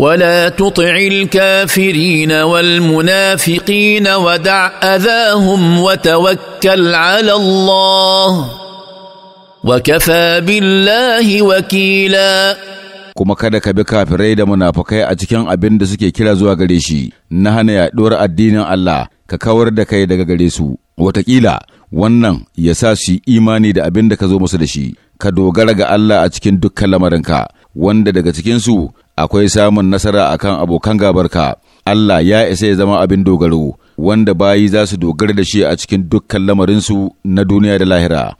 ولا تطع الكافرين والمنافقين ودع اذاهم وتوكل على الله وكفى بالله وكيلا kuma kada ka bi kafirai da munafukai a cikin abin da suke kira zuwa gare shi na hana yaɗuwar addinin Allah ka kawar da kai daga gare su watakila wannan ya sa su imani da abin da ka zo musu da shi ka dogara ga Allah a cikin dukkan lamarinka wanda daga cikinsu akwai samun nasara akan abokan gabarka Allah ya isa ya zama abin dogaro wanda bayi za su dogara da shi a cikin dukkan lamarinsu na duniya da lahira